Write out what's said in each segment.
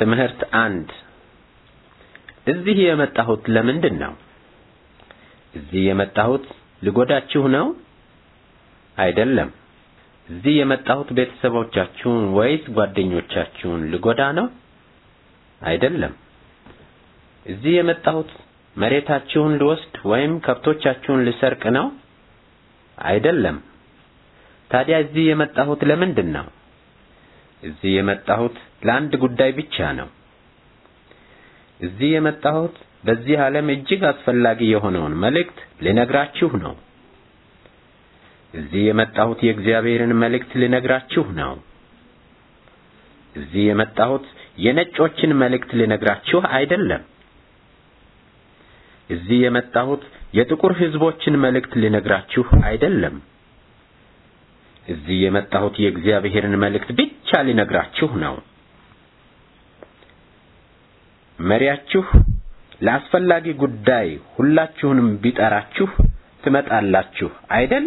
ትምህርት አንድ እዚህ የመጣሁት ለምንድን ነው? እዚህ የመጣሁት ልጎዳችሁ ነው? አይደለም። እዚህ የመጣሁት ቤተሰቦቻችሁን ወይስ ጓደኞቻችሁን ልጎዳ ነው? አይደለም። እዚህ የመጣሁት መሬታችሁን ልወስድ ወይም ከብቶቻችሁን ልሰርቅ ነው? አይደለም። ታዲያ እዚህ የመጣሁት ለምንድን ነው? እዚህ የመጣሁት ለአንድ ጉዳይ ብቻ ነው። እዚህ የመጣሁት በዚህ ዓለም እጅግ አስፈላጊ የሆነውን መልእክት ልነግራችሁ ነው። እዚህ የመጣሁት የእግዚአብሔርን መልእክት ልነግራችሁ ነው። እዚህ የመጣሁት የነጮችን መልእክት ልነግራችሁ አይደለም። እዚህ የመጣሁት የጥቁር ሕዝቦችን መልእክት ልነግራችሁ አይደለም። እዚህ የመጣሁት የእግዚአብሔርን መልእክት ብቻ ሊነግራችሁ ነው። መሪያችሁ ለአስፈላጊ ጉዳይ ሁላችሁንም ቢጠራችሁ ትመጣላችሁ አይደል?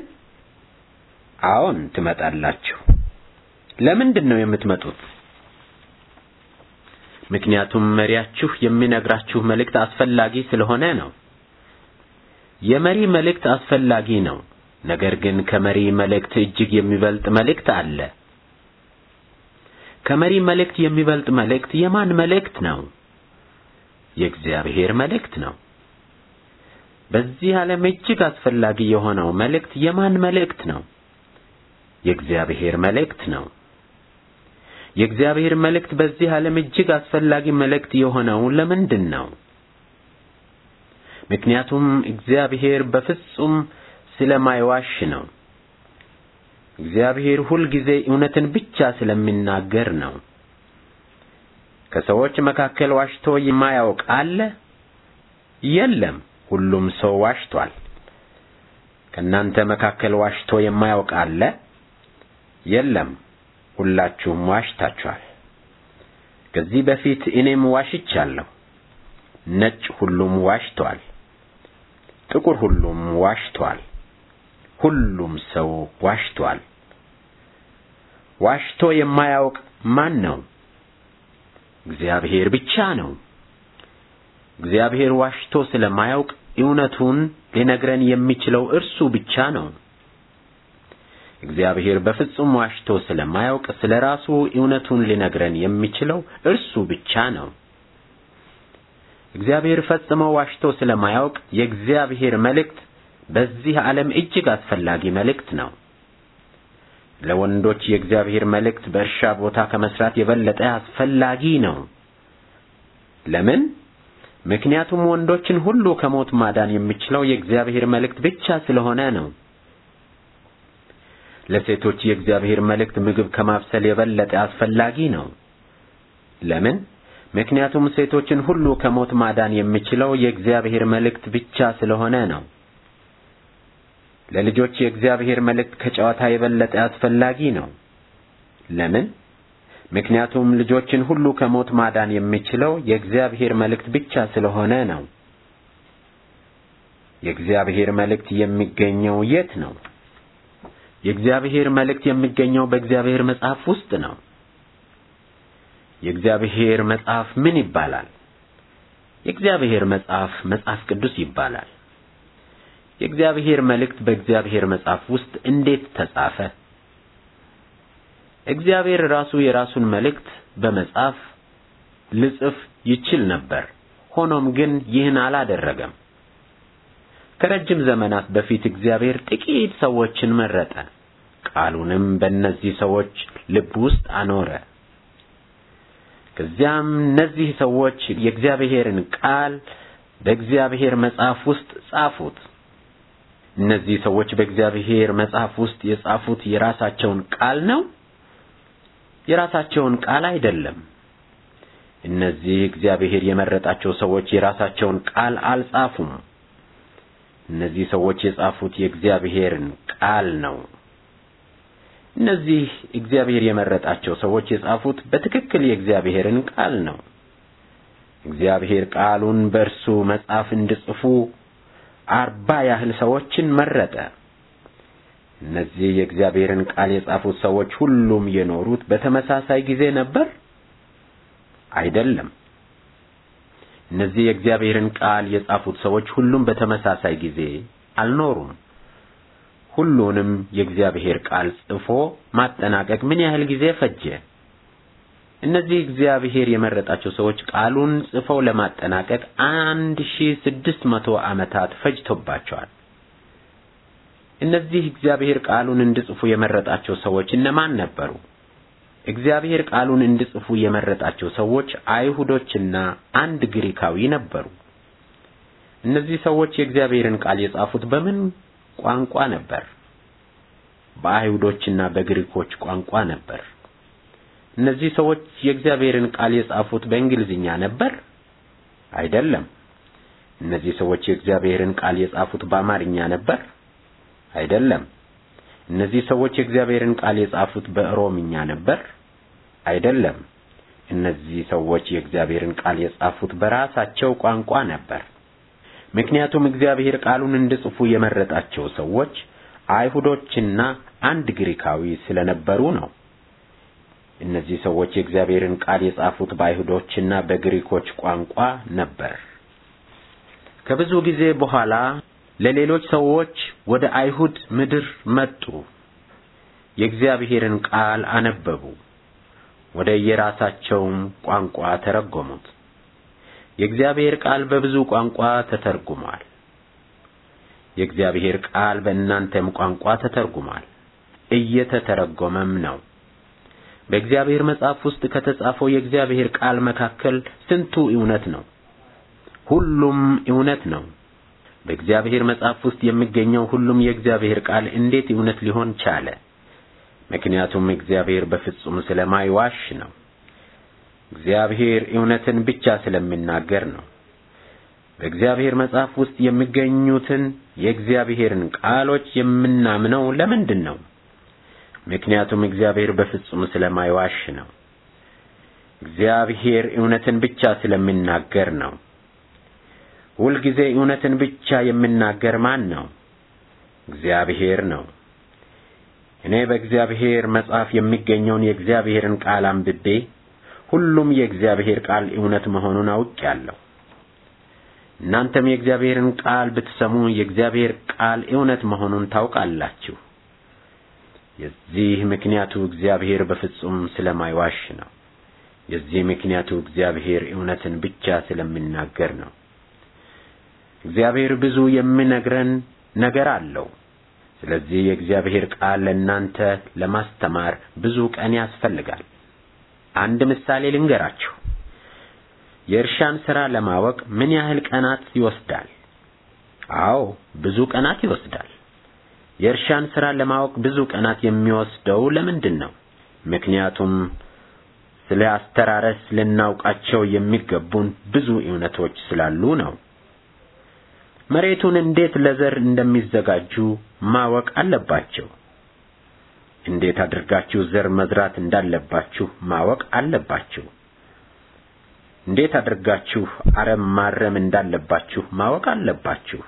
አዎን ትመጣላችሁ። ለምንድን ነው የምትመጡት? ምክንያቱም መሪያችሁ የሚነግራችሁ መልእክት አስፈላጊ ስለሆነ ነው። የመሪ መልእክት አስፈላጊ ነው። ነገር ግን ከመሪ መልእክት እጅግ የሚበልጥ መልእክት አለ። ከመሪ መልእክት የሚበልጥ መልእክት የማን መልእክት ነው? የእግዚአብሔር መልእክት ነው። በዚህ ዓለም እጅግ አስፈላጊ የሆነው መልእክት የማን መልእክት ነው? የእግዚአብሔር መልእክት ነው። የእግዚአብሔር መልእክት በዚህ ዓለም እጅግ አስፈላጊ መልእክት የሆነው ለምንድን ነው? ምክንያቱም እግዚአብሔር በፍጹም ስለማይዋሽ ነው። እግዚአብሔር ሁልጊዜ እውነትን ብቻ ስለሚናገር ነው። ከሰዎች መካከል ዋሽቶ የማያውቅ አለ? የለም፣ ሁሉም ሰው ዋሽቷል። ከእናንተ መካከል ዋሽቶ የማያውቅ አለ? የለም፣ ሁላችሁም ዋሽታችኋል። ከዚህ በፊት እኔም ዋሽቻለሁ። ነጭ ሁሉም ዋሽቷል። ጥቁር ሁሉም ዋሽቷል። ሁሉም ሰው ዋሽቷል። ዋሽቶ የማያውቅ ማን ነው? እግዚአብሔር ብቻ ነው። እግዚአብሔር ዋሽቶ ስለማያውቅ እውነቱን ሊነግረን የሚችለው እርሱ ብቻ ነው። እግዚአብሔር በፍጹም ዋሽቶ ስለማያውቅ ስለ ራሱ እውነቱን ሊነግረን የሚችለው እርሱ ብቻ ነው። እግዚአብሔር ፈጽሞ ዋሽቶ ስለማያውቅ የእግዚአብሔር መልእክት በዚህ ዓለም እጅግ አስፈላጊ መልእክት ነው። ለወንዶች የእግዚአብሔር መልእክት በእርሻ ቦታ ከመስራት የበለጠ አስፈላጊ ነው። ለምን? ምክንያቱም ወንዶችን ሁሉ ከሞት ማዳን የሚችለው የእግዚአብሔር መልእክት ብቻ ስለሆነ ነው። ለሴቶች የእግዚአብሔር መልእክት ምግብ ከማብሰል የበለጠ አስፈላጊ ነው። ለምን? ምክንያቱም ሴቶችን ሁሉ ከሞት ማዳን የሚችለው የእግዚአብሔር መልእክት ብቻ ስለሆነ ነው። ለልጆች የእግዚአብሔር መልእክት ከጨዋታ የበለጠ አስፈላጊ ነው። ለምን? ምክንያቱም ልጆችን ሁሉ ከሞት ማዳን የሚችለው የእግዚአብሔር መልእክት ብቻ ስለሆነ ነው። የእግዚአብሔር መልእክት የሚገኘው የት ነው? የእግዚአብሔር መልእክት የሚገኘው በእግዚአብሔር መጽሐፍ ውስጥ ነው። የእግዚአብሔር መጽሐፍ ምን ይባላል? የእግዚአብሔር መጽሐፍ መጽሐፍ ቅዱስ ይባላል። የእግዚአብሔር መልእክት በእግዚአብሔር መጽሐፍ ውስጥ እንዴት ተጻፈ? እግዚአብሔር ራሱ የራሱን መልእክት በመጽሐፍ ልጽፍ ይችል ነበር። ሆኖም ግን ይህን አላደረገም። ከረጅም ዘመናት በፊት እግዚአብሔር ጥቂት ሰዎችን መረጠ፣ ቃሉንም በእነዚህ ሰዎች ልብ ውስጥ አኖረ። ከዚያም እነዚህ ሰዎች የእግዚአብሔርን ቃል በእግዚአብሔር መጽሐፍ ውስጥ ጻፉት። እነዚህ ሰዎች በእግዚአብሔር መጽሐፍ ውስጥ የጻፉት የራሳቸውን ቃል ነው? የራሳቸውን ቃል አይደለም። እነዚህ እግዚአብሔር የመረጣቸው ሰዎች የራሳቸውን ቃል አልጻፉም። እነዚህ ሰዎች የጻፉት የእግዚአብሔርን ቃል ነው። እነዚህ እግዚአብሔር የመረጣቸው ሰዎች የጻፉት በትክክል የእግዚአብሔርን ቃል ነው። እግዚአብሔር ቃሉን በእርሱ መጽሐፍ እንዲጽፉ አርባ ያህል ሰዎችን መረጠ። እነዚህ የእግዚአብሔርን ቃል የጻፉት ሰዎች ሁሉም የኖሩት በተመሳሳይ ጊዜ ነበር? አይደለም። እነዚህ የእግዚአብሔርን ቃል የጻፉት ሰዎች ሁሉም በተመሳሳይ ጊዜ አልኖሩም። ሁሉንም የእግዚአብሔር ቃል ጽፎ ማጠናቀቅ ምን ያህል ጊዜ ፈጀ? እነዚህ እግዚአብሔር የመረጣቸው ሰዎች ቃሉን ጽፈው ለማጠናቀቅ 1600 ዓመታት ፈጅቶባቸዋል። እነዚህ እግዚአብሔር ቃሉን እንዲጽፉ የመረጣቸው ሰዎች እነማን ነበሩ? እግዚአብሔር ቃሉን እንዲጽፉ የመረጣቸው ሰዎች አይሁዶችና አንድ ግሪካዊ ነበሩ። እነዚህ ሰዎች የእግዚአብሔርን ቃል የጻፉት በምን ቋንቋ ነበር? በአይሁዶችና በግሪኮች ቋንቋ ነበር። እነዚህ ሰዎች የእግዚአብሔርን ቃል የጻፉት በእንግሊዝኛ ነበር? አይደለም። እነዚህ ሰዎች የእግዚአብሔርን ቃል የጻፉት በአማርኛ ነበር? አይደለም። እነዚህ ሰዎች የእግዚአብሔርን ቃል የጻፉት በኦሮምኛ ነበር? አይደለም። እነዚህ ሰዎች የእግዚአብሔርን ቃል የጻፉት በራሳቸው ቋንቋ ነበር። ምክንያቱም እግዚአብሔር ቃሉን እንዲጽፉ የመረጣቸው ሰዎች አይሁዶችና አንድ ግሪካዊ ስለነበሩ ነው። እነዚህ ሰዎች የእግዚአብሔርን ቃል የጻፉት በአይሁዶችና በግሪኮች ቋንቋ ነበር። ከብዙ ጊዜ በኋላ ለሌሎች ሰዎች ወደ አይሁድ ምድር መጡ። የእግዚአብሔርን ቃል አነበቡ፣ ወደ የራሳቸውም ቋንቋ ተረጎሙት። የእግዚአብሔር ቃል በብዙ ቋንቋ ተተርጉሟል። የእግዚአብሔር ቃል በእናንተም ቋንቋ ተተርጉሟል፣ እየተተረጎመም ነው። በእግዚአብሔር መጽሐፍ ውስጥ ከተጻፈው የእግዚአብሔር ቃል መካከል ስንቱ እውነት ነው? ሁሉም እውነት ነው። በእግዚአብሔር መጽሐፍ ውስጥ የሚገኘው ሁሉም የእግዚአብሔር ቃል እንዴት እውነት ሊሆን ቻለ? ምክንያቱም እግዚአብሔር በፍጹም ስለማይዋሽ ነው። እግዚአብሔር እውነትን ብቻ ስለሚናገር ነው። በእግዚአብሔር መጽሐፍ ውስጥ የሚገኙትን የእግዚአብሔርን ቃሎች የምናምነው ለምንድን ነው? ምክንያቱም እግዚአብሔር በፍጹም ስለማይዋሽ ነው። እግዚአብሔር እውነትን ብቻ ስለሚናገር ነው። ሁልጊዜ እውነትን ብቻ የሚናገር ማን ነው? እግዚአብሔር ነው። እኔ በእግዚአብሔር መጽሐፍ የሚገኘውን የእግዚአብሔርን ቃል አንብቤ ሁሉም የእግዚአብሔር ቃል እውነት መሆኑን አውቄአለሁ። እናንተም የእግዚአብሔርን ቃል ብትሰሙ የእግዚአብሔር ቃል እውነት መሆኑን ታውቃላችሁ። የዚህ ምክንያቱ እግዚአብሔር በፍጹም ስለማይዋሽ ነው። የዚህ ምክንያቱ እግዚአብሔር እውነትን ብቻ ስለሚናገር ነው። እግዚአብሔር ብዙ የሚነግረን ነገር አለው። ስለዚህ የእግዚአብሔር ቃል ለእናንተ ለማስተማር ብዙ ቀን ያስፈልጋል። አንድ ምሳሌ ልንገራችሁ። የእርሻን ሥራ ለማወቅ ምን ያህል ቀናት ይወስዳል? አዎ ብዙ ቀናት ይወስዳል። የእርሻን ሥራ ለማወቅ ብዙ ቀናት የሚወስደው ለምንድን ነው? ምክንያቱም ስለ አስተራረስ ልናውቃቸው የሚገቡን ብዙ እውነቶች ስላሉ ነው። መሬቱን እንዴት ለዘር እንደሚዘጋጁ ማወቅ አለባቸው። እንዴት አድርጋችሁ ዘር መዝራት እንዳለባችሁ ማወቅ አለባችሁ። እንዴት አድርጋችሁ አረም ማረም እንዳለባችሁ ማወቅ አለባችሁ።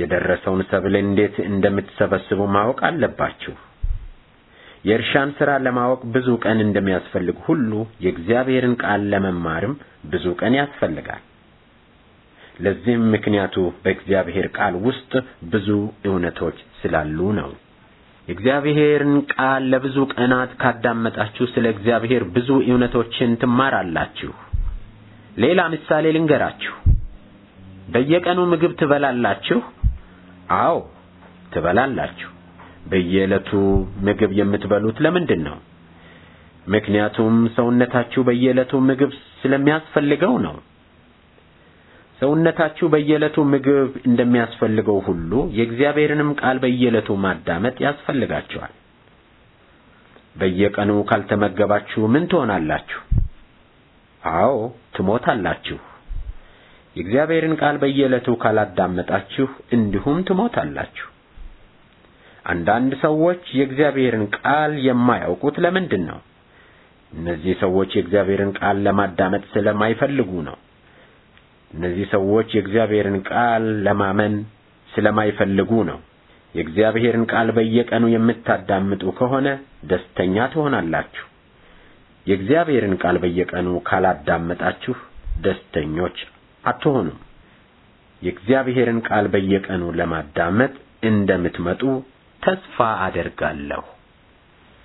የደረሰውን ሰብል እንዴት እንደምትሰበስቡ ማወቅ አለባችሁ። የእርሻን ሥራ ለማወቅ ብዙ ቀን እንደሚያስፈልግ ሁሉ የእግዚአብሔርን ቃል ለመማርም ብዙ ቀን ያስፈልጋል። ለዚህም ምክንያቱ በእግዚአብሔር ቃል ውስጥ ብዙ እውነቶች ስላሉ ነው። የእግዚአብሔርን ቃል ለብዙ ቀናት ካዳመጣችሁ ስለ እግዚአብሔር ብዙ እውነቶችን ትማራላችሁ። ሌላ ምሳሌ ልንገራችሁ። በየቀኑ ምግብ ትበላላችሁ አዎ ትበላላችሁ። በየዕለቱ ምግብ የምትበሉት ለምንድን ነው? ምክንያቱም ሰውነታችሁ በየዕለቱ ምግብ ስለሚያስፈልገው ነው። ሰውነታችሁ በየዕለቱ ምግብ እንደሚያስፈልገው ሁሉ የእግዚአብሔርንም ቃል በየዕለቱ ማዳመጥ ያስፈልጋችኋል። በየቀኑ ካልተመገባችሁ ምን ትሆናላችሁ? አዎ ትሞታላችሁ። የእግዚአብሔርን ቃል በየዕለቱ ካላዳመጣችሁ እንዲሁም ትሞታላችሁ። አንዳንድ ሰዎች የእግዚአብሔርን ቃል የማያውቁት ለምንድን ነው? እነዚህ ሰዎች የእግዚአብሔርን ቃል ለማዳመጥ ስለማይፈልጉ ነው። እነዚህ ሰዎች የእግዚአብሔርን ቃል ለማመን ስለማይፈልጉ ነው። የእግዚአብሔርን ቃል በየቀኑ የምታዳምጡ ከሆነ ደስተኛ ትሆናላችሁ። የእግዚአብሔርን ቃል በየቀኑ ካላዳመጣችሁ ደስተኞች አትሆኑም። የእግዚአብሔርን ቃል በየቀኑ ለማዳመጥ እንደምትመጡ ተስፋ አደርጋለሁ።